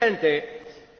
presidente